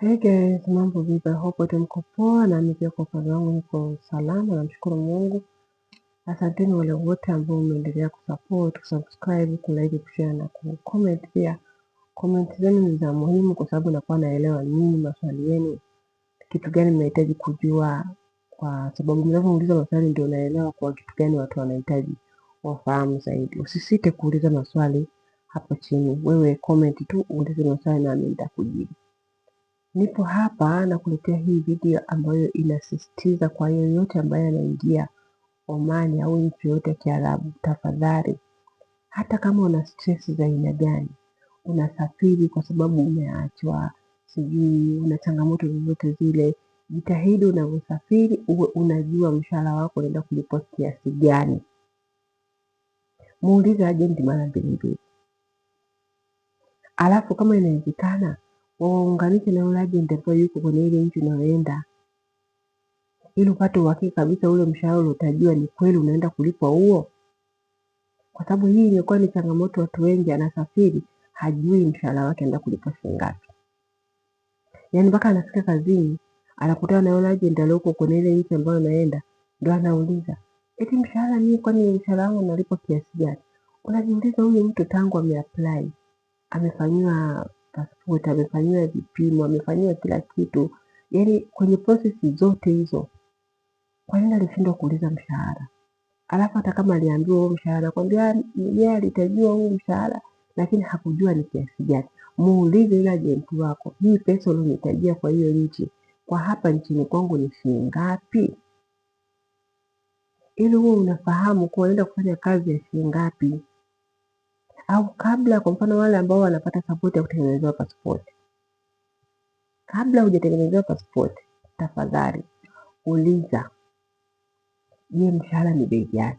Hey guys, mambo vipi? hope wote mko poa na mimi pia kwa upande wangu niko salama, namshukuru Mungu. Asanteni wale wote ambao mmeendelea kusupport, kusubscribe, kulike, kushare na kucomment pia. Comment zenu ni za muhimu kwa sababu nakuwa naelewa nini maswali yenu, kitu gani mnahitaji kujua, kwa sababu mnavyouliza maswali ndio naelewa kwa kitu gani watu wanahitaji wafahamu zaidi. Usisite kuuliza maswali hapo chini, wewe comment tu uulize maswali nami nitakujibu. Nipo hapa na kuletea hii video ambayo inasisitiza kwa yoyote ambaye anaingia Omani au nchi yoyote ya Kiarabu, tafadhali, hata kama una stress za aina gani, unasafiri kwa sababu umeachwa, sijui una changamoto zozote zile, jitahidi unavyosafiri uwe unajua mshahara wako unaenda kulipwa kiasi gani. Muulize ajenti mara mbili mbili, alafu kama inawezekana waunganishe na yule agent ambaye yuko kwenye ile nchi unayoenda ili upate uhakika kabisa ule mshahara utajua ni kweli unaenda kulipwa huo, kwa sababu hii imekuwa ni changamoto. Watu wengi anasafiri hajui mshahara wake anaenda kulipwa shilingi ngapi, yaani mpaka anafika kazini anakutana na yule agent aliyoko kwenye ile nchi ambayo anaenda, ndo anauliza eti mshahara mimi, kwani mshahara wangu unalipwa kiasi gani? Unajiuliza, huyu mtu tangu ameapply amefanyiwa ametafuta, amefanyiwa vipimo, amefanyiwa kila kitu, yaani kwenye prosesi zote hizo, kwa nini alishindwa kuuliza mshahara? Alafu hata kama aliambiwa huo mshahara, nakwambia yeye alitajua huo mshahara, lakini hakujua ni kiasi gani. Muulize yule ajenti wako, hii pesa ulionitajia kwa hiyo nchi, kwa hapa nchini kwangu ni shilingi ngapi? Ili yaani huo unafahamu kuwa unaenda kufanya kazi ya shilingi ngapi au kabla, kwa mfano wale ambao wanapata sapoti ya kutengenezewa passport, kabla hujatengenezewa passport, tafadhali uliza, je, mshahara ni bei gani,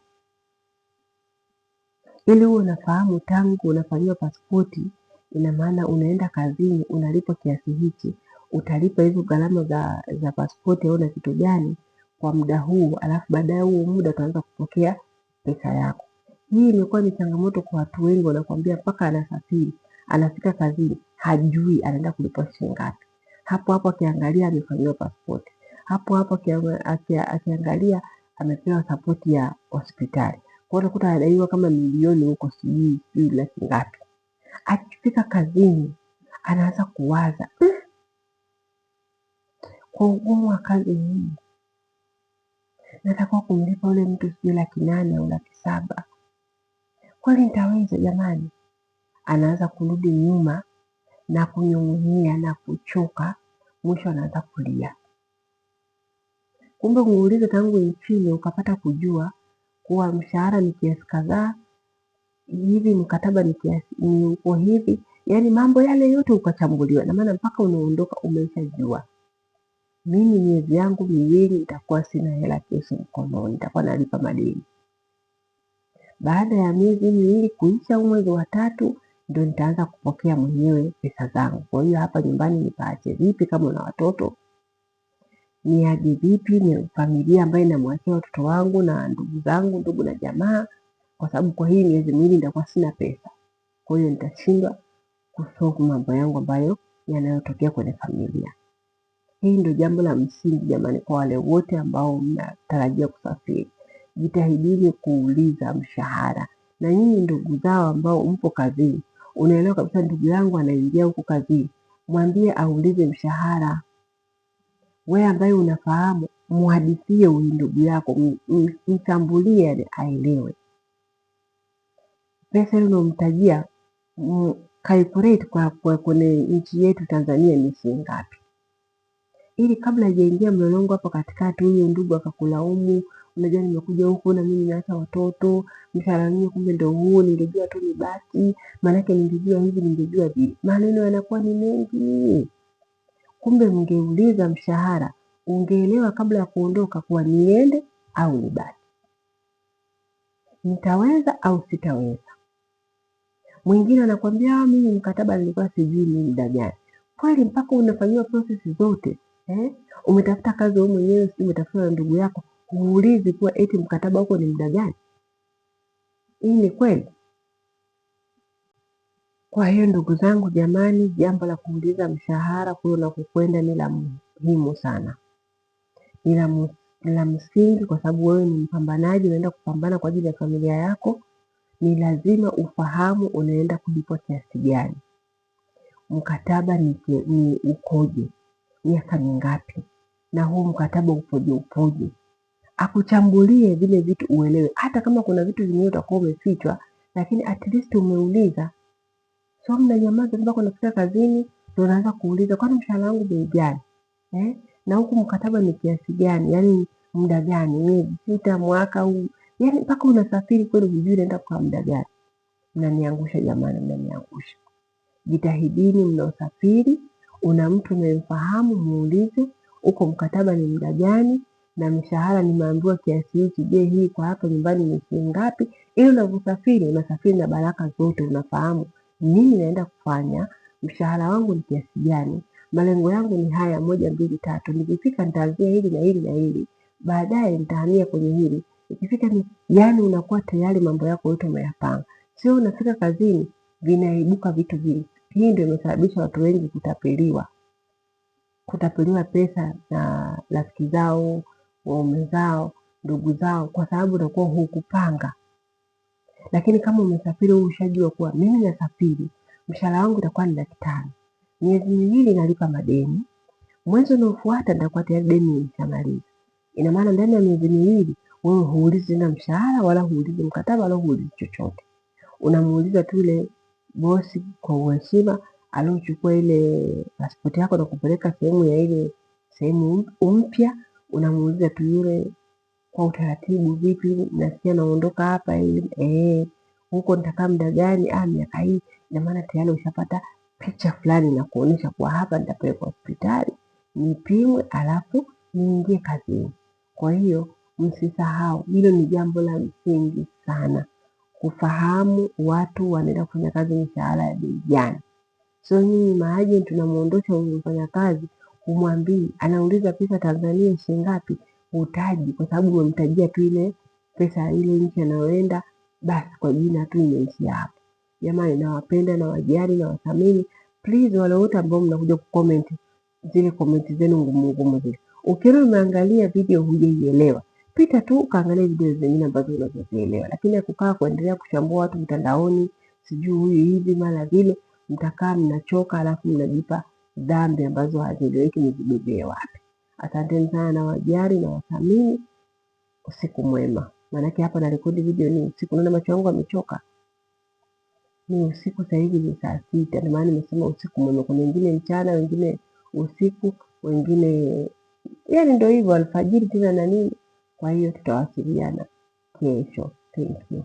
ili huwe unafahamu tangu unafanyiwa pasipoti. Ina maana unaenda kazini unalipa kiasi hichi, utalipa hizo gharama za za pasipoti au na kitu gani kwa muda huu, alafu baadaye huo muda utaanza kupokea pesa yako. Hii imekuwa ni changamoto kwa watu wengi, wanakuambia mpaka anasafiri, anafika kazini, hajui anaenda kulipwa shilingi ngapi. Hapo hapo akiangalia amefanyiwa pasipoti, hapo hapo akiangalia amepewa sapoti ya hospitali, kwa unakuta anadaiwa kama milioni huko, sijui sijui laki ngapi. Akifika kazini anaanza kuwaza hmm, kwa ugumu wa kazi hii natakiwa kumlipa ule mtu sijui laki nane au laki saba kweli nitaweza jamani? Anaanza kurudi nyuma na kunyung'unyia na kuchoka, mwisho anaanza kulia. Kumbe muulize tangu nchini ukapata kujua kuwa mshahara ni kiasi kadhaa, hivi mkataba ni kiasi ni uko hivi, yaani mambo yale yote ukachambuliwa. Na maana mpaka unaondoka umeshajua, mimi miezi yangu miwili nitakuwa sina hela kesho mkononi, nitakuwa nalipa madeni baada ya miezi miwili kuisha, au mwezi wa tatu, ndio nitaanza kupokea mwenyewe pesa zangu. Kwa hiyo hapa nyumbani nipaache vipi? Kama una watoto niaje vipi? Ni familia ambayo inamwachia watoto wangu na ndugu zangu, ndugu na jamaa, kwa sababu kwa hii miezi miwili nitakuwa sina pesa. Kwa hiyo nitashindwa kusoku mambo yangu ambayo yanayotokea kwenye familia. Hii ndio jambo la msingi jamani, kwa wale wote ambao mnatarajia kusafiri jitahidini kuuliza mshahara. Na nyinyi ndugu zao ambao mpo kazini, unaelewa kabisa ndugu yangu anaingia huku kazini, mwambie aulize mshahara. Wewe ambaye unafahamu, mhadithie huyu ndugu yako, mtambulie, yani aelewe pesa ile unaomtajia calculate kwa, kwenye nchi yetu Tanzania ni shilingi ngapi, ili kabla hajaingia mlolongo hapo katikati, huyu ndugu akakulaumu unajua nimekuja huku na mimi nimeacha watoto, mshahara mimi kumbe ndo huu, ningejua tu nibaki, maanake ningejua hivi, ningejua vile. Maneno yanakuwa ni mengi, kumbe mngeuliza mshahara ungeelewa kabla ya kuondoka kuwa niende au nibaki, nitaweza au sitaweza. Mwingine anakwambia ah, mimi mkataba nilikuwa sijui ni muda gani. Kweli mpaka unafanyiwa prosesi zote eh? Umetafuta kazi wewe mwenyewe, si umetafuta na ndugu yako, huulizi kuwa eti mkataba huko ni muda gani. Hii ni kweli. Kwa hiyo ndugu zangu, jamani, jambo la kuuliza mshahara kule unakokwenda ni la muhimu sana, ni la la msingi, kwa sababu wewe ni mpambanaji, unaenda kupambana kwa ajili ya familia yako. Ni lazima ufahamu unaenda kulipwa kiasi gani, mkataba ni, ni ukoje, miaka mingapi, na huu mkataba upoje upoje akuchambulie vile vitu uelewe, hata kama kuna vitu vingine utakuwa umefichwa, lakini at least umeuliza. So mnanyamaza mpaka unafika kazini ndio unaanza kuuliza, kwani mshahara wangu bei gani eh? na huku mkataba ni kiasi gani, yaani muda gani, miezi sita, mwaka huu, yaani mpaka unasafiri kweli, hujui naenda kwa muda gani. Mnaniangusha jamani, mnaniangusha. Jitahidini mnaosafiri, una mtu unayemfahamu muulize, uko mkataba ni muda gani na mishahara nimeambiwa kiasi hiki. je, hii kwa hapa nyumbani ni shilingi ngapi? Ili unavyosafiri unasafiri na baraka zote, unafahamu nini naenda kufanya, mshahara wangu ni kiasi gani, malengo yangu ni haya, moja, mbili, tatu. Nikifika nitaanzia hili na hili na hili, baadaye nitahamia kwenye hili. Ikifika ni yani, unakuwa tayari mambo yako yote umeyapanga, sio unafika kazini vinaibuka vitu vingi. Hii ndio imesababisha watu wengi kutapeliwa, kutapeliwa pesa na rafiki zao waume zao, ndugu zao, kwa sababu utakuwa hukupanga. Lakini kama umesafiri, huu ushajua kuwa mimi nasafiri, mshahara wangu utakuwa ni laki tano, miezi miwili nalipa madeni, mwezi unaofuata nitakuwa tayari deni nimeshamaliza. Ina maana ndani ya miezi miwili wewe huulizi tena mshahara wala huulizi mkataba wala huulizi chochote, unamuuliza tu ile bosi kwa uheshima aliochukua ile pasipoti yako na kupeleka sehemu ya ile sehemu mpya unamuuliza tu yule kwa utaratibu, vipi, nasikia naondoka hapa ili eh, huko nitakaa muda gani? Ah, miaka hii. Ina maana tayari ushapata picha fulani na kuonyesha kuwa hapa nitapelekwa hospitali nipimwe, alafu niingie kazini. Kwa hiyo msisahau hilo, ni jambo la msingi sana kufahamu watu wanaenda kufanya kazi mishahara ya bei gani. So nyinyi maajenti tunamwondosha huyu mfanyakazi humwambii, anauliza pesa Tanzania shilingi ngapi, hutaji kwa sababu umemtajia tu ile pesa ile nchi anayoenda, basi kwa jina tu imeishia hapo. Jamani, nawapenda, nawajali, nawathamini. Please wale wote ambao mnakuja kucomment zile comment zenu ngumu ngumu zile, ukiona umeangalia video hujaielewa, pita tu ukaangalia video zingine ambazo unazozielewa, lakini akukaa kuendelea kuchambua watu mtandaoni, sijui huyu hivi mara vile, mtakaa mnachoka, alafu mnajipa dhambi ambazo hazieleweki nizibebee wapi. Asanteni sana na wajari na wathamini. Usiku mwema. Maanake hapa narekodi video ni usiku, naona macho yangu amechoka, Ni usiku sasa hivi ni saa sita, ndio maana nimesema usiku mwema. Kuna wengine mchana, wengine usiku, wengine yani ndio hivyo alfajiri tena na nini. Kwa hiyo tutawasiliana kesho. Thank you.